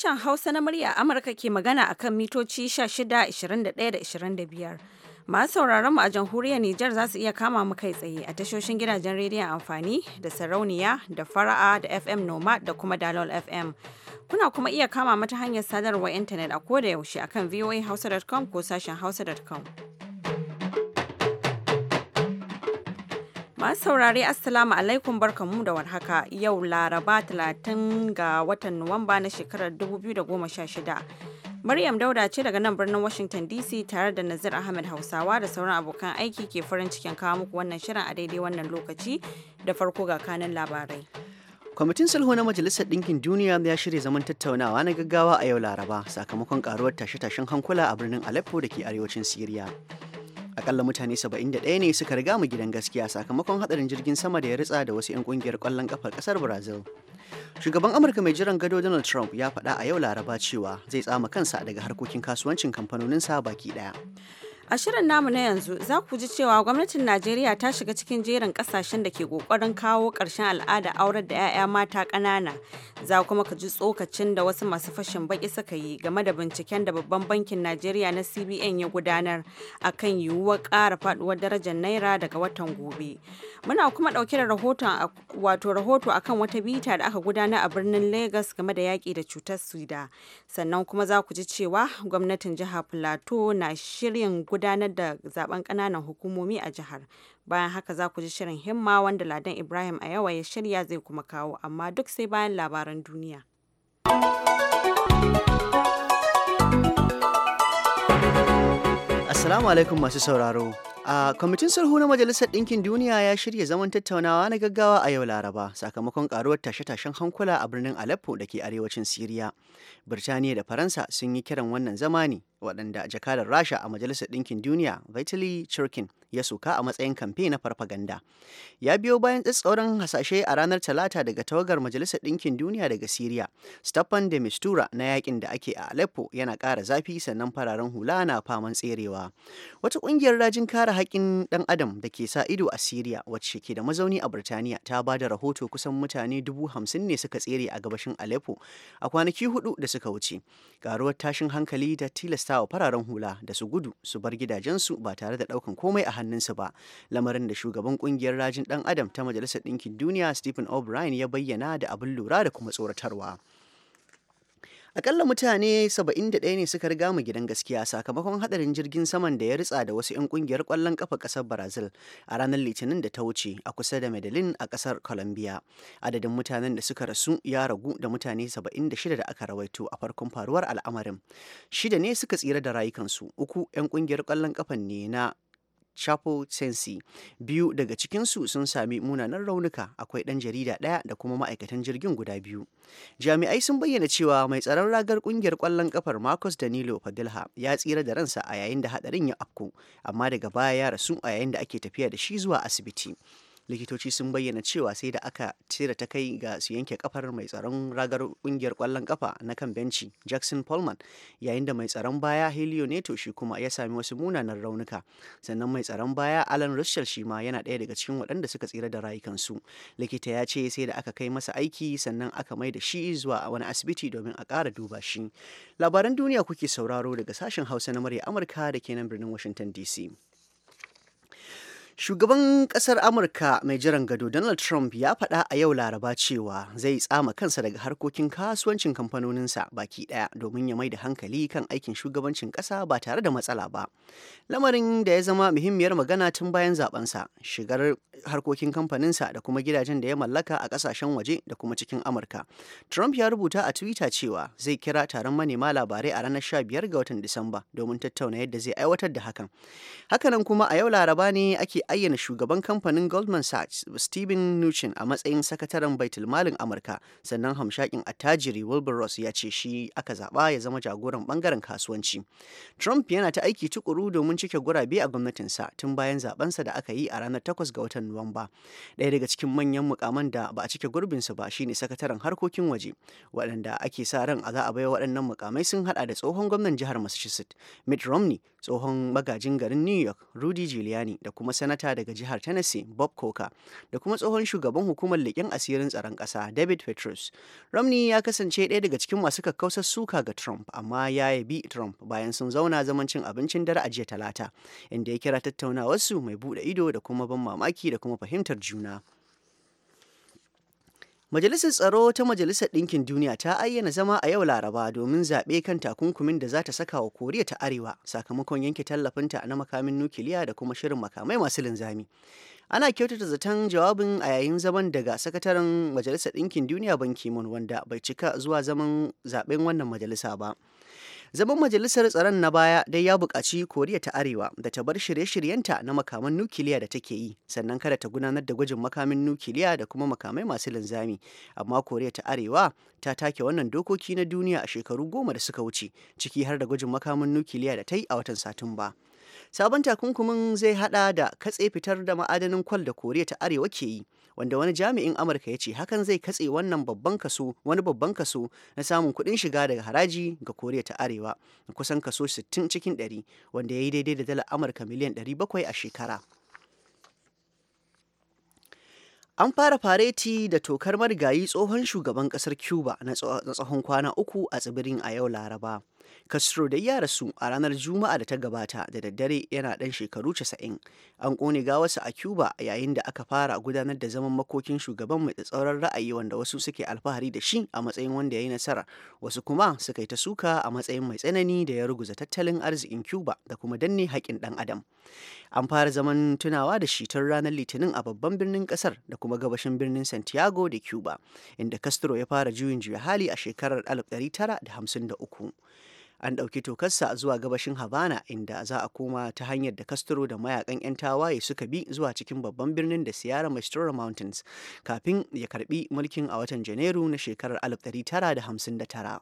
Sashen Hausa na murya Amurka ke magana akan mitoci 16, 21 da 25. Masu sauraron mu a jamhuriyar Nijar za su iya kama mu kai tsaye a tashoshin gidajen rediyon amfani da sarauniya da fara'a da FM Noma da kuma Dalol FM. Kuna kuma iya kama mata hanyar sadarwar intanet a koda yaushe akan voahausa.com ko sashen hausa.com. Masu saurari Assalamu alaikum barkamu da warhaka yau Laraba 30 ga watan Nuwamba na shekarar 2016. Maryam Dauda ce daga nan birnin Washington DC tare da Nazir Ahmed Hausawa da sauran abokan aiki ke farin cikin kawo muku wannan shirin a daidai wannan lokaci da farko ga kanan labarai. Kwamitin sulhu na Majalisar Ɗinkin Duniya ya shirya zaman tattaunawa na gaggawa a yau Laraba sakamakon karuwar tashe-tashen hankula a birnin Aleppo da ke arewacin Siriya. akalla mutane 71 ne suka riga mu gidan gaskiya sakamakon hadarin jirgin sama da ya ritsa da wasu 'yan kungiyar kwallon kafar kasar brazil shugaban amurka mai jiran gado donald trump ya faɗa a yau laraba cewa zai tsama kansa daga harkokin kasuwancin kamfanonin sa baki daya A shirin namu na yanzu za ku ji cewa gwamnatin Najeriya ta shiga cikin jerin kasashen da ke kokarin kawo karshen al'ada aurar da 'ya'ya mata ƙanana. Za kuma ka ji tsokacin da wasu masu fashin baki suka yi game da binciken da babban bankin Najeriya na CBN ya gudanar akan yiwuwar ƙara faduwar darajar naira daga watan gobe. Muna kuma ɗauke da rahoton wato rahoto akan wata bita da aka gudanar a birnin Lagos game da yaƙi da cutar sida. Sannan kuma za ku ji cewa gwamnatin jihar Plateau na shirin gudanar da zaben kananan hukumomi a jihar. Bayan haka za ku ji shirin himma wanda Ladan Ibrahim a yawa ya shirya zai kuma kawo amma duk sai bayan labaran duniya. Assalamu alaikum masu sauraro. A kwamitin sulhu na Majalisar Ɗinkin Duniya ya shirya zaman tattaunawa na gaggawa a yau Laraba sakamakon karuwar tashe-tashen hankula a birnin Aleppo da ke arewacin Siriya. Birtaniya da Faransa sun yi kiran wannan zama ne waɗanda jakadar rasha a majalisar ɗinkin duniya vitali churkin ya suka a matsayin kamfe na farfaganda ya biyo bayan tsauran hasashe a ranar talata daga tawagar majalisar ɗinkin duniya daga siriya stefan de mistura na yakin da ake a aleppo yana ƙara zafi sannan fararen hula na faman tserewa wata ƙungiyar rajin kare haƙƙin ɗan adam da ke sa ido a siriya wacce ke da mazauni a birtaniya ta ba da rahoto kusan mutane dubu hamsin ne suka tsere a gabashin aleppo a kwanaki hudu da suka wuce ƙaruwar tashin hankali da tilasta sa wa fararen hula da su gudu su bar gidajensu ba tare da daukan komai a hannunsu ba lamarin da shugaban kungiyar rajin dan adam ta majalisar ɗinkin duniya stephen o'brien ya bayyana da abin lura da kuma tsoratarwa Akalla mutane 71 ne suka riga mu gidan gaskiya sakamakon hadarin jirgin saman da ya ritsa da wasu 'yan kungiyar kwallon kafa kasar Brazil a ranar Litinin da ta wuce a kusa da Medellin a kasar Colombia. Adadin mutanen da suka rasu ya ragu da mutane 76 da aka rawaito a farkon faruwar al'amarin. Shida ne suka tsira da rayukansu, uku 'yan kungiyar kwallon kafan ne na chapel Tensi. biyu daga cikinsu sun sami munanan raunuka akwai ɗan jarida ɗaya da kuma ma'aikatan jirgin guda biyu jami'ai sun bayyana cewa mai tsaron ragar kungiyar kwallon kafar marcus danilo fadilha ya tsira da ransa a yayin da hadarin ya afko amma daga baya ya rasu a yayin da ake tafiya da shi zuwa asibiti likitoci sun bayyana cewa sai da aka cire ta kai ga su yanke kafar mai tsaron ragar kungiyar kwallon kafa na kan benci jackson polman yayin da mai tsaron baya helio neto shi kuma ya sami wasu munanan raunuka sannan mai tsaron baya alan russell shi ma yana ɗaya daga cikin waɗanda suka tsira da rayukansu likita ya ce sai da aka kai masa aiki sannan aka mai da shi zuwa wani asibiti domin a ƙara duba shi labaran duniya kuke sauraro daga sashen hausa na murya amurka da ke nan birnin washington dc Shugaban kasar Amurka mai jiran gado Donald Trump ya faɗa a yau Laraba cewa zai tsama kansa daga harkokin kasuwancin kamfanoninsa baki ɗaya domin ya mai da hankali kan aikin shugabancin ƙasa ba tare da matsala ba. Lamarin da ya zama muhimmiyar magana tun bayan zabensa, shigar harkokin kamfaninsa da kuma gidajen da ya mallaka a kasashen waje da kuma cikin Amurka. Trump ya rubuta a Twitter cewa zai kira taron manema labarai a ranar 15 ga watan Disamba domin tattauna yadda zai aiwatar da hakan. Hakanan kuma a yau Laraba ne ake ayyana shugaban kamfanin Goldman Sachs Steven Mnuchin a matsayin sakataren baitulmalin Amurka sannan hamshakin attajiri Wilbur Ross ya ce shi aka zaba ya zama jagoran bangaren kasuwanci. Trump yana ta aiki tukuru domin cike gurabe a gwamnatinsa tun bayan zabensa da aka yi a ranar 8 ga watan Nuwamba. Ɗaya daga cikin manyan mukaman da ba a cike gurbinsa ba shine sakataren harkokin waje waɗanda ake sa ran a za a baiwa waɗannan mukamai sun haɗa da tsohon gwamnan jihar Massachusetts Mitt Romney, tsohon magajin garin New York Rudy Giuliani da kuma sanata Democrata daga jihar Tennessee Bob Coker da kuma tsohon shugaban hukumar leƙen asirin tsaron ƙasa David Petrus. Romney ya kasance ɗaya daga cikin masu kakkausar suka ga Trump amma ya bi Trump bayan sun zauna zaman cin abincin dare a jiya Talata inda ya kira tattaunawarsu mai buɗe ido da kuma ban mamaki da kuma fahimtar juna. Majalisar Tsaro ta Majalisar Ɗinkin Duniya ta ayyana zama a yau Laraba domin zaɓe kan takunkumin da za ta saka wa Koriya ta Arewa sakamakon yanke tallafinta na makamin nukiliya da kuma shirin makamai masu linzami. Ana kyautata zaton jawabin a yayin zaman daga sakataren Majalisar Ɗinkin Duniya Ban ki wanda bai cika zuwa zaman zaɓen wannan majalisa ba. Zaman majalisar tsaron na baya dai ya buƙaci Koriya ta Arewa da ta bar shirye-shiryenta na makaman nukiliya da take yi, sannan kada ta gudanar da gwajin makamin nukiliya da kuma makamai masu linzami. Amma Koriya ta Arewa ta take wannan dokoki na duniya a shekaru goma da suka wuce, ciki har da gwajin makamin nukiliya da ta yi a watan Satumba. Sabon takunkumin zai hada da katse fitar da ma'adanin kwal da Koriya ta Arewa ke yi. wanda wani jami'in amurka ya ce hakan zai katse wannan babban kaso wani babban kaso na samun kuɗin shiga daga haraji ga koriya ta arewa da kusan kaso 60 cikin 100 wanda ya yi daidai da dalar amurka miliyan 700 a shekara An fara fareti da tokar marigayi tsohon shugaban kasar Cuba na tsohon kwana uku a tsibirin a yau Laraba. Castro da ya rasu a ranar Juma'a da ta gabata da daddare yana ɗan shekaru 90. An ƙone gawarsa a Cuba yayin da aka fara gudanar da zaman makokin shugaban mai tsatsauran ra'ayi wanda wasu suke alfahari da shi a matsayin wanda ya yi nasara, wasu kuma suka yi ta suka a matsayin mai tsanani da ya ruguza tattalin arzikin Cuba da kuma danne haƙƙin ɗan adam. An fara zaman tunawa da shi tun ranar Litinin a babban birnin ƙasar da kuma gabashin birnin Santiago da Cuba, inda Castro ya fara juyin juya hali a shekarar 1953. an ɗauki tokarsa zuwa gabashin Havana inda za a koma ta hanyar da Castro da mayakan 'yan tawaye suka bi zuwa cikin babban birnin da Sierra Maestra Mountains kafin ya karbi mulkin a watan Janairu na shekarar 1959.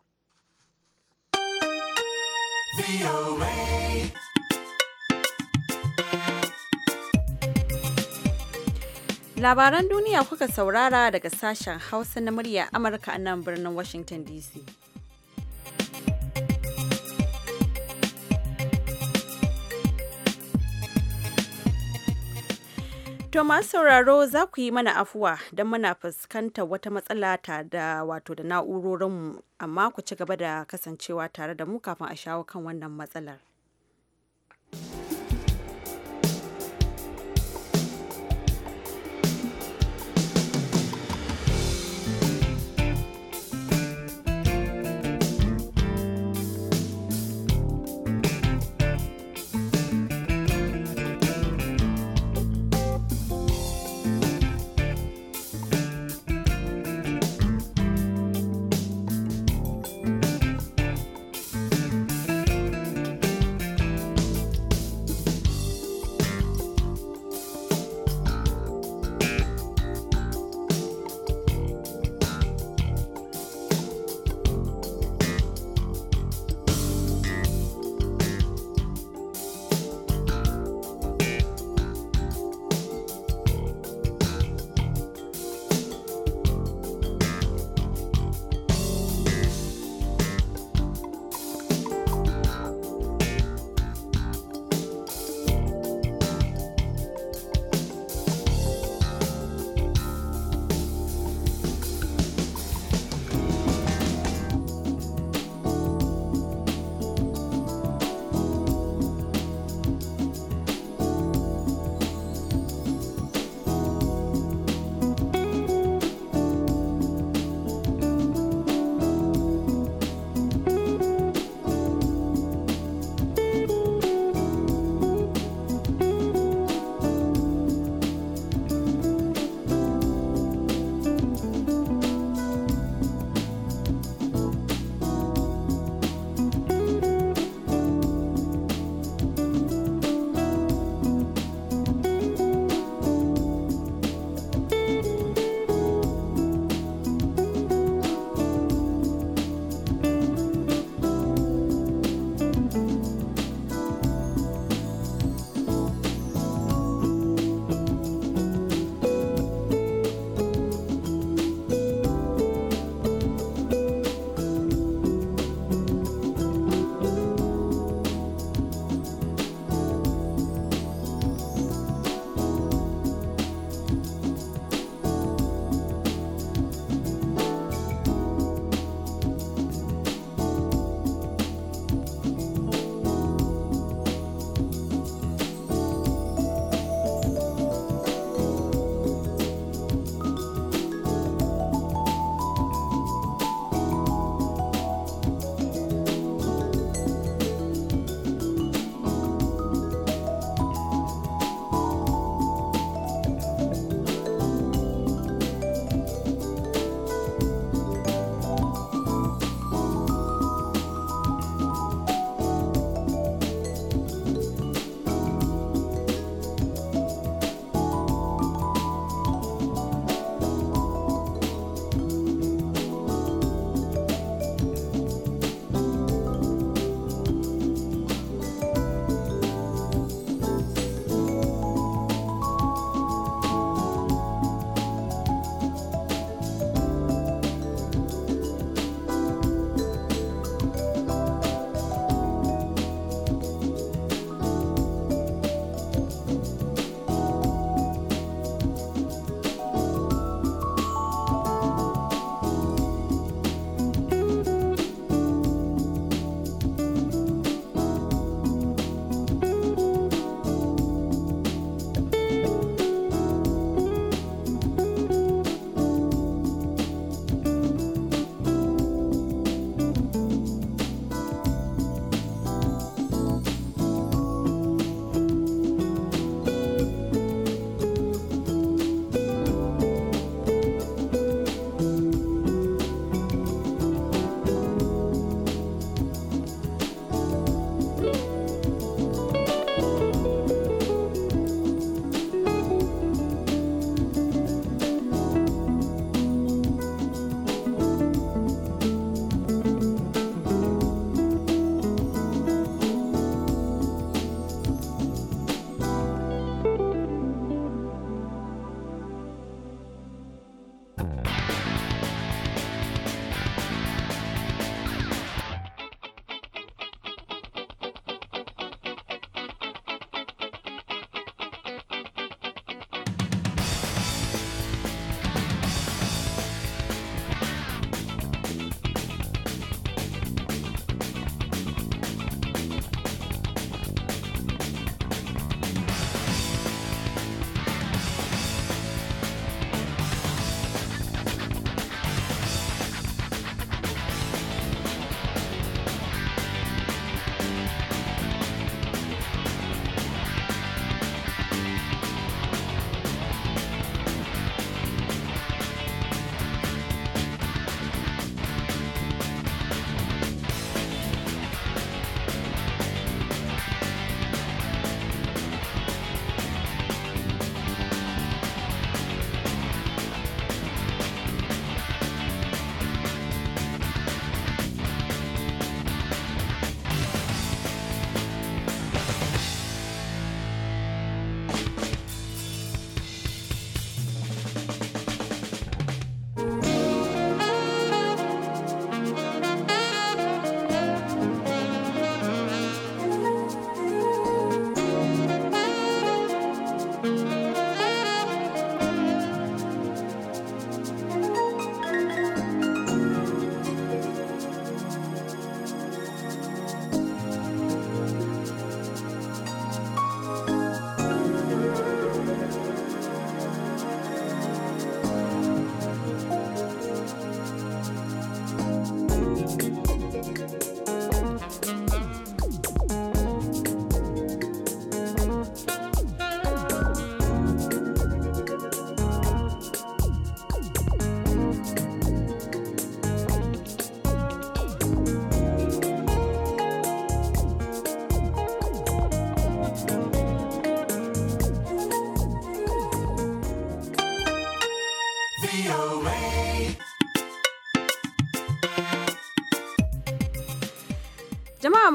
Labaran duniya kuka saurara daga sashen Hausa na murya Amurka a nan birnin Washington DC. To masu sauraro za ku yi mana afuwa don muna fuskantar wata matsala ta da wato da na'urorinmu amma ku ci gaba da kasancewa tare da mu kafin a shawo kan wannan matsalar.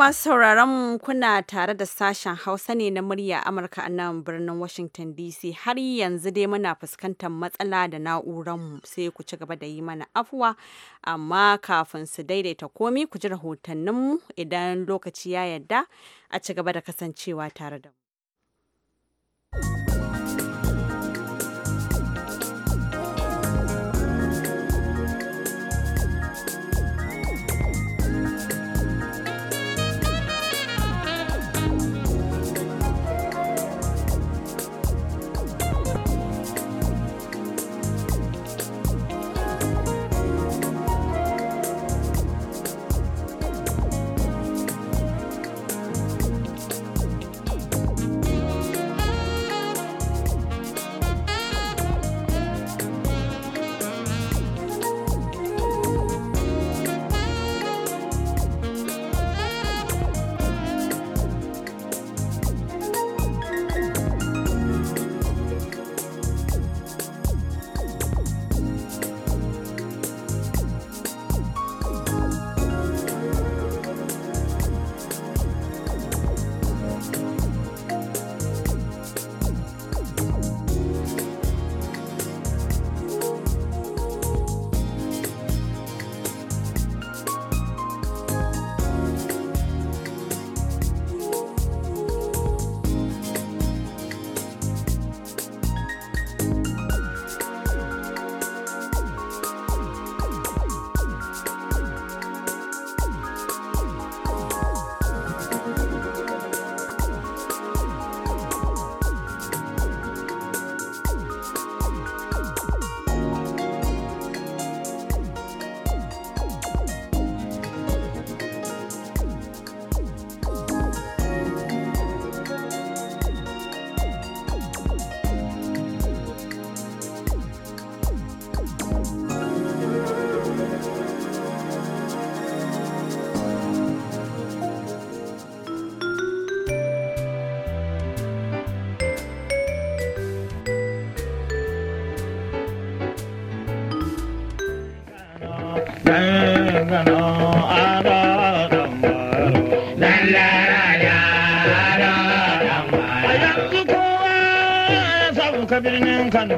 masu sauraron mu kuna tare da sashen Hausa ne na murya Amurka a nan birnin Washington DC har yanzu dai muna fuskantar matsala da na'urar mu sai ku ci gaba da yi mana afuwa amma kafin su daidaita komi ku ji rahotannin mu idan lokaci ya yarda a ci gaba da kasancewa tare da mu. kabirinin kanı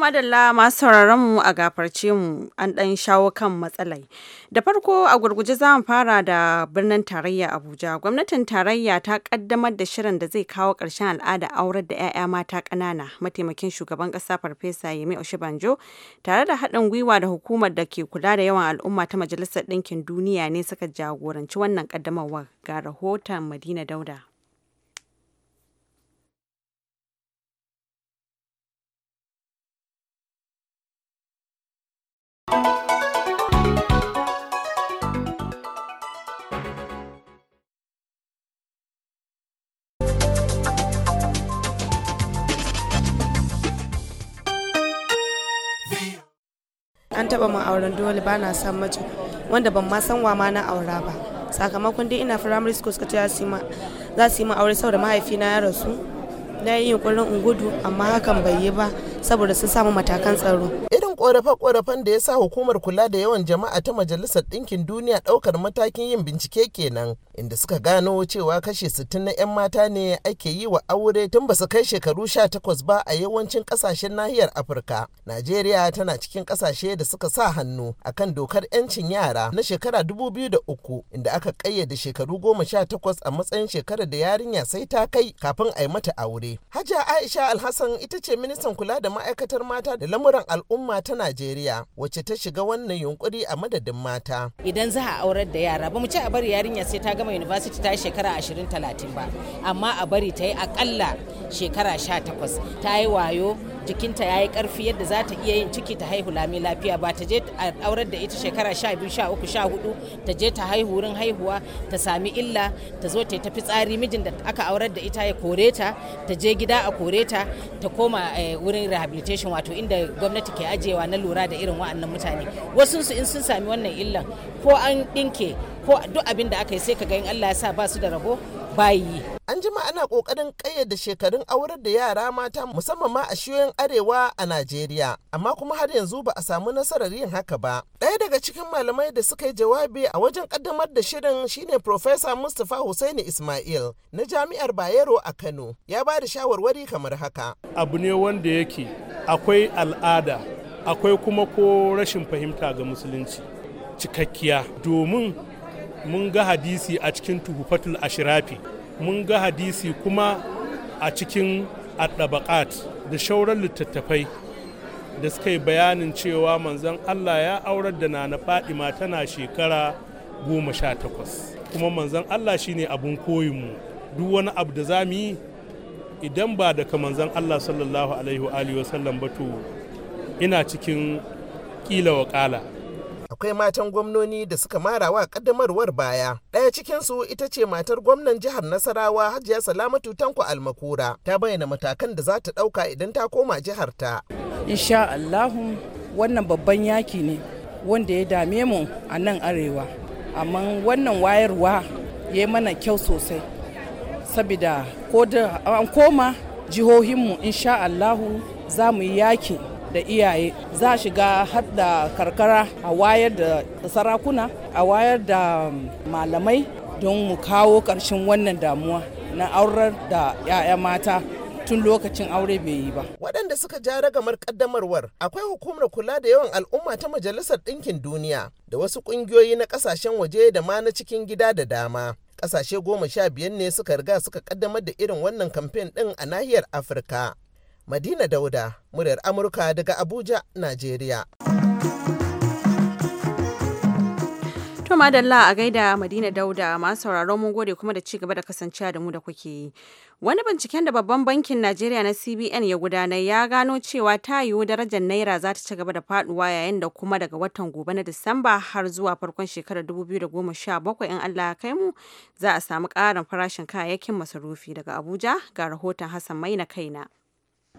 madalla masu sauraron mu a gafarce mu an ɗan shawo kan matsalai. Da farko a gurguje za mu fara da birnin tarayya Abuja. Gwamnatin tarayya ta kaddamar da shirin da zai kawo ƙarshen al'ada aurar da 'ya'ya mata ƙanana. Mataimakin shugaban ƙasa Farfesa Yemi Oshibanjo tare da haɗin gwiwa da hukumar da ke kula da yawan al'umma ta Majalisar Ɗinkin Duniya ne suka jagoranci wannan kaddamarwa ga rahoton Madina Dauda. taba min auren dole ba na son mace wanda ban ma san wa ma na aura ba sakamakon dai ina primary school suka ce za su yi min aure saboda mahaifina ya rasu na yi yunkurin in gudu amma hakan bai yi ba saboda sun samu matakan tsaro ƙorafe-ƙorafen da ya sa hukumar kula da yawan jama'a ta majalisar ɗinkin duniya ɗaukar matakin yin bincike kenan inda suka gano cewa kashe 60 na 'yan mata ne ake yi wa aure tun ba su kai shekaru 18 ba a yawancin ƙasashen nahiyar afirka najeriya tana cikin ƙasashe da suka sa hannu akan dokar 'yancin yara na shekara 2003 inda aka ƙayyade shekaru 18 a matsayin shekarar da yarinya sai ta kai kafin a yi mata aure Hajiya aisha alhassan ita ce ministan kula da ma'aikatar mata da lamuran al'umma ta ta Najeriya wacce ta shiga wannan yunkuri a madadin mata. Idan za a aurar da yara ba mu ci a bari yarinya sai ta gama university ta shekara 20 30 ba amma a bari ta yi akalla shekara 18 ta yi wayo jikinta ya yi karfi yadda za ta iya yin ciki ta haihu lami lafiya ba ta je a aurar da ita shekara sha biyu sha uku sha hudu ta je ta haihu wurin haihuwa ta sami illa ta zo ta tafi tsari mijin da aka aurar da ita ya kore ta ta je gida a kore ta ta koma eh, wurin rehabilitation wato inda gwamnati ke ajiyewa na lura da irin wa'annan mutane wasu su in sun sami wannan illan ko an dinke ko duk abin da aka yi sai ka ga in Allah ya sa ba su da rabo bayi. An jima ana ƙoƙarin ƙayyade shekarun aurar da yara mata musamman ma a shiyoyin arewa a Najeriya, amma kuma har yanzu ba a samu nasarar yin haka ba. Ɗaya daga cikin malamai da suka yi jawabi a wajen ƙaddamar da shirin shine Profesa Mustapha Hussaini Ismail na Jami'ar Bayero a Kano ya ba da shawarwari kamar haka. Abu ne wanda yake akwai al'ada, akwai kuma ko rashin fahimta ga musulunci cikakkiya domin mun ga hadisi a cikin tuhufatul ashirafi mun ga hadisi kuma a cikin addabaqat da shauran littattafai da suka yi bayanin cewa manzon Allah ya aurar da na Fadima tana shekara goma sha takwas kuma manzon Allah shine abun koyinmu duk wani abu da zamu yi idan ba daga manzon Allah sallallahu alaihi wa sallam ba to ina cikin kila wakala akwai matan gwamnoni da suka marawa wa kaddamarwar baya ɗaya cikinsu ita ce matar gwamnan jihar nasarawa hajiya salamatu tanko almakura ta bayyana matakan da za ta ɗauka idan ta koma jihar ta insha allahu wannan babban yaki ne wanda ya dame mu a nan arewa amma wannan wayarwa ya mana kyau sosai saboda ko an koma jihohinmu insha allahu za mu yi yaki da iyaye za a shiga hada karkara a wayar da sarakuna a wayar da malamai don mu kawo ƙarshen wannan damuwa na aurar da 'ya'ya mata tun lokacin aure bai yi ba. Waɗanda suka ja ragamar kaddamarwar akwai hukumar kula da yawan al'umma ta Majalisar Ɗinkin Duniya da wasu ƙungiyoyi na ƙasashen waje da ma na cikin gida da dama. Ƙasashe goma sha biyar ne suka riga suka kaddamar da irin wannan kamfen ɗin a nahiyar Afirka. Madina Dauda, muryar Amurka daga Abuja, Najeriya. To madalla a gaida Madina Dauda masu sauraron mun gode kuma da ci gaba da kasancewa da mu da kuke yi. Wani binciken da babban bankin Najeriya na CBN ya gudanar ya gano cewa ta yiwu darajar Naira za ta ci gaba da faduwa yayin da kuma daga watan gobe na Disamba har zuwa farkon shekarar 2017 in Allah ya kai mu za a samu ƙarin farashin kayayyakin masarufi daga Abuja ga rahoton Hassan na kaina.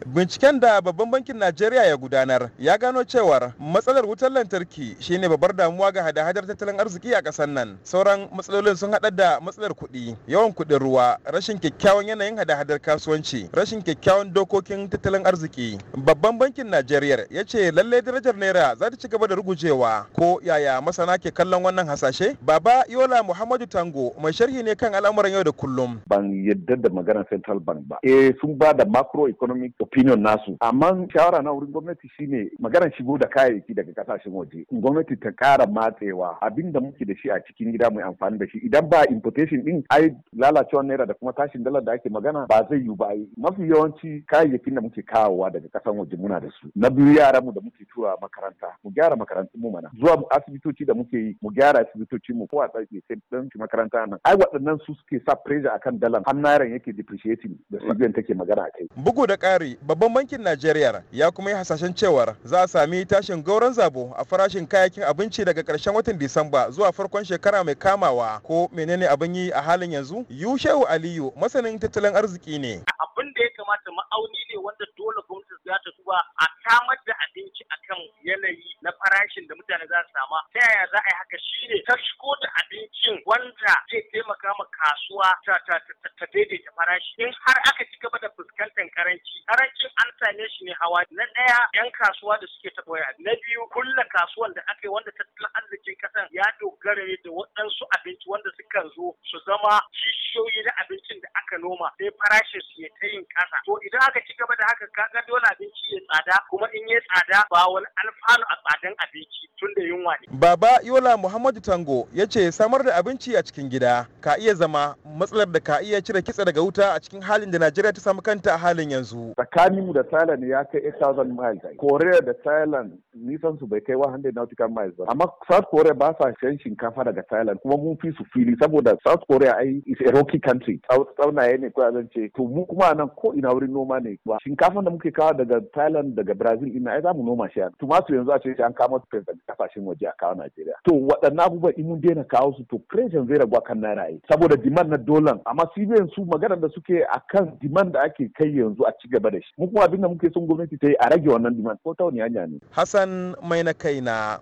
Binciken da Babban Bankin Najeriya ya gudanar ya gano cewar matsalar wutar lantarki shine babbar damuwa ga hada-hadar tattalin arziki a ƙasar nan. Sauran matsalolin sun haɗa da matsalar kuɗi, yawan kuɗin ruwa, rashin kyakkyawan yanayin hada-hadar kasuwanci, rashin kyakkyawan dokokin tattalin arziki. Babban Bankin Najeriya ya ce lalle darajar naira za ta ci gaba da rugujewa ko yaya masana ke kallon wannan hasashe? Baba Yola Muhammadu Tango mai sharhi ne kan al'amuran yau da kullum. Ban yadda da maganar Central Bank ba. Eh sun ba da macroeconomic opinion nasu amma shawara na wurin gwamnati shine maganar shigo da kayayyaki daga kasashen waje gwamnati ta kara matsewa abin da muke da shi a cikin gida mai amfani da shi idan ba importation din ai lalacewar naira da kuma tashin dalar da ake magana ba zai yiwu ba ai mafi yawanci kayayyakin da muke kawowa daga kasan waje muna da su na biyu yaran mu da muke tura makaranta mu gyara makarantun mu mana zuwa asibitoci da muke yi mu gyara asibitoci mu ko a tsarki sai dan shi makaranta nan ai waɗannan su suke sa pressure akan dalar har naira yake depreciating da su mm. take magana akai bugu da ƙari babban bankin najeriya ya kuma yi hasashen cewar za a sami tashin gauran zabo a farashin kayakin abinci daga karshen watan disamba zuwa farkon shekara mai kamawa ko menene abin yi a halin yanzu yushehu aliyu masanin tattalin arziki ne abin da ya kamata ma'auni ne wanda dole gwamnati za ta duba a samar da abinci akan yanayi na farashin da mutane za su sama ta yaya za a yi haka shine ta shigo da abincin wanda zai taimaka ma kasuwa ta daidaita farashi in har aka ci gaba da fuskantar karanci karancin an same shi ne hawa na ɗaya yan kasuwa da suke ta na biyu kulla kasuwan da aka yi wanda tattalin arzikin kasan ya dogara ne da waɗansu abinci wanda sukan zo su zama kishiyoyi na abincin da aka noma sai farashin su ya ta yin kasa to idan aka ci gaba da haka kaga dole abinci ya tsada kuma in ya tsada ba wani alfanu a tsadan abinci tun da yunwa ne. Baba Yola Muhammadu Tango ya ce samar da abinci a cikin gida ka iya zama matsalar da ka iya cire kitse daga wuta a cikin halin da Najeriya ta samu kanta a halin yanzu. Tsakanin mu da Thailand ya kai 8,000 miles. Korea da Thailand nisan su bai kai 100 nautical miles ba. Amma South Korea ba sa shan shinkafa daga Thailand kuma mun fi su fili saboda South Korea ai is a rocky country. Tsaunaye ne ko zan ce to mu kuma nan ko ina wurin noma ne Shinkafa da muke kawo daga Thailand daga Brazil ina ai za mu noma shi tumatur yanzu a ce an kama su daga kasashen waje a kawo Najeriya to waɗannan abubuwan in mun daina kawo su to pressure zai ragu kan naira yi saboda demand na dolan amma biyan su maganar da suke a kan demand da ake kai yanzu a ci gaba da shi mu kuma abin da muke son gwamnati ta yi a rage wannan diman, ko ta wani hanya ne Hassan mai na kai na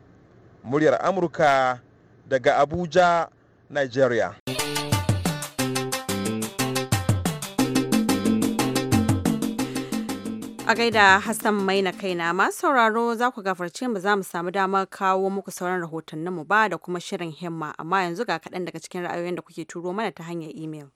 muryar Amurka daga Abuja Nigeria. a gaida Hassan Maina kaina masu sauraro za ku gafarce mu za mu samu damar kawo muku sauran rahotanninmu mu ba da kuma shirin himma amma yanzu ga kaɗan daga cikin ra'ayoyin da kuke turo mana ta hanyar imel.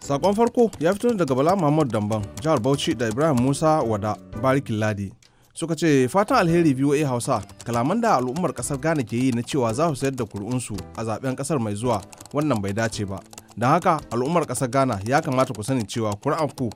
Sakon farko ya fito daga Bala Muhammad Damban, jihar Bauchi da Ibrahim Musa Wada, Barikin Ladi. Suka ce fatan alheri biyu a Hausa, kalaman da al'ummar kasar Ghana ke yi na cewa za su sayar da kuri'unsu a zaben kasar mai zuwa wannan bai dace ba. don haka al'ummar ƙasar ghana ya kamata ku sani cewa ku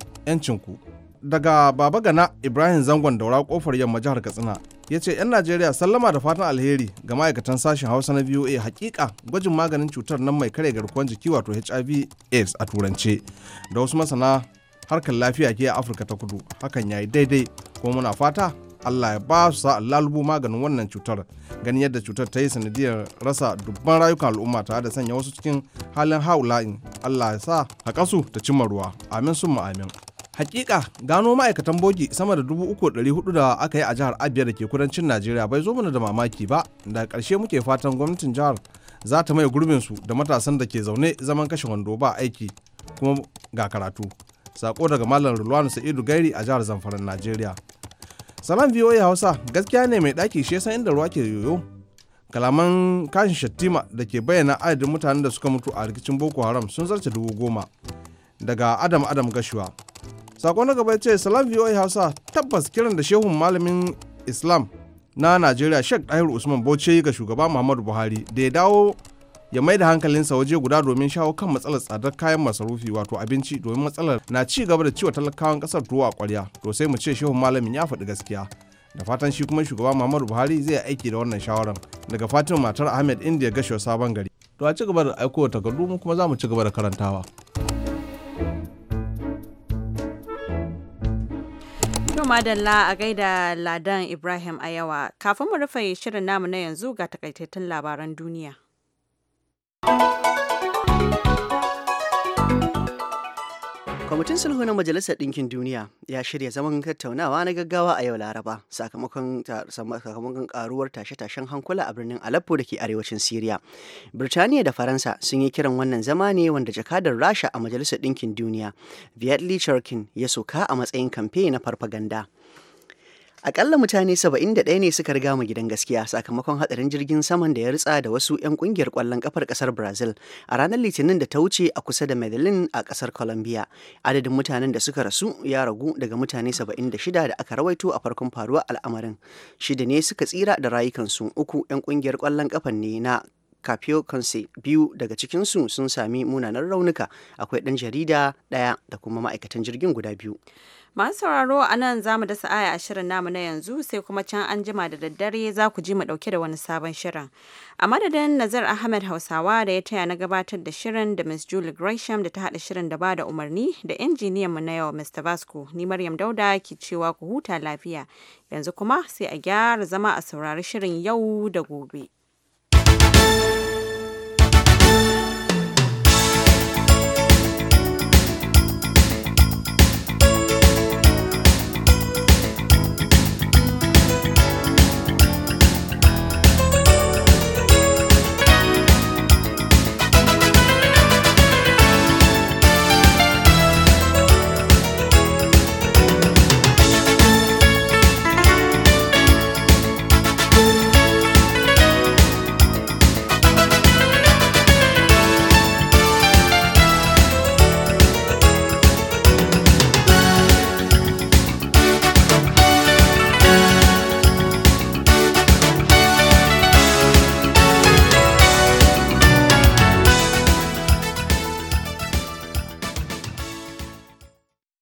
ku daga baba gana ibrahim zangon daura kofar yamma jihar katsina ya ce 'yan najeriya sallama da fatan alheri ga ma'aikatan sashen hausa na voa hakika gwajin maganin cutar nan mai kare garkuwar jiki wato hiv aids a turance da wasu masana harkar lafiya ke a afirka ta kudu hakan ya yi daidai kuma muna fata Allah ya ba su lalubu maganin wannan cutar ganin yadda cutar ta yi sanadiyar rasa dubban rayukan al'umma tare da sanya wasu cikin halin haula'in Allah ya sa haƙasu ta cimma ruwa amin sun amin hakika gano ma'aikatan bogi sama da dubu uku hudu da aka yi a jihar abia da ke kudancin najeriya bai zo mana da mamaki ba da ƙarshe muke fatan gwamnatin jihar za ta gurbin su da matasan da ke zaune zaman kashe wando ba aiki kuma ga karatu sako daga malam rulwanu sa'idu gairi a jihar zamfaran najeriya salam ya hausa gaskiya ne mai ɗaki shi san inda ruwa ke yoyo kalaman kashin shattima da ke bayyana adadin mutanen da suka mutu a rikicin boko haram sun zarce dubu goma daga adam adam gashuwa sakon na gaba ya ce salam voa hausa tabbas kiran da shehun malamin islam na najeriya sheikh dahir usman bauchi ga shugaba muhammadu buhari da ya dawo ya mai da hankalinsa waje guda domin shawo kan matsalar tsadar kayan masarufi wato abinci domin matsalar na ci gaba da ciwo talakawan kasar tuwo a kwarya to sai mu ce shehun malamin ya faɗi gaskiya da fatan shi kuma shugaba muhammadu buhari zai aiki da wannan shawaran daga fatima matar ahmed india gashewa sabon gari to a ci gaba da aiko takardu mu kuma za mu ci gaba da karantawa yau madalla a gaida Ladan Ibrahim a yawa kafin mu rufe shirin namu na yanzu ga takaitattun labaran duniya. kwamitin sulhu na majalisar ɗinkin duniya ya shirya zaman tattaunawa na gaggawa a yau laraba sakamakon karuwar tashe-tashen hankula a birnin aleppo da ke arewacin syria birtaniya da faransa sun yi kiran wannan zama ne wanda jakadar rasha a majalisar ɗinkin duniya viet lee ya soka a matsayin kamfe na farfaganda Akalla mutane 71 ne suka riga mu gidan gaskiya sakamakon hadarin jirgin saman da ya ritsa da wasu 'yan kungiyar kwallon kafar kasar Brazil a ranar Litinin da ta wuce a kusa da Medellin a kasar Colombia. Adadin mutanen da suka rasu ya ragu daga mutane 76 da aka rawaito a farkon faruwar al'amarin. Shida ne suka tsira da rayukansu uku 'yan kungiyar kwallon kafar ne na Capio Conce biyu daga cikinsu sun sami munanan raunuka akwai ɗan jarida ɗaya da kuma ma'aikatan jirgin guda biyu. Masu sauraro a nan za mu dasa aya a shirin namu na yanzu sai kuma can an jima da daddare za ku ji mu ɗauke da wani sabon shirin. A madadin Nazar Ahmed Hausawa da ya taya na gabatar da shirin da Miss Julie Gresham da ta haɗa shirin da ba da umarni da injiniyan mu na yau Mr. Vasco ni Maryam Dauda ke cewa ku huta lafiya. Yanzu kuma sai a gyara zama a saurari shirin yau da gobe.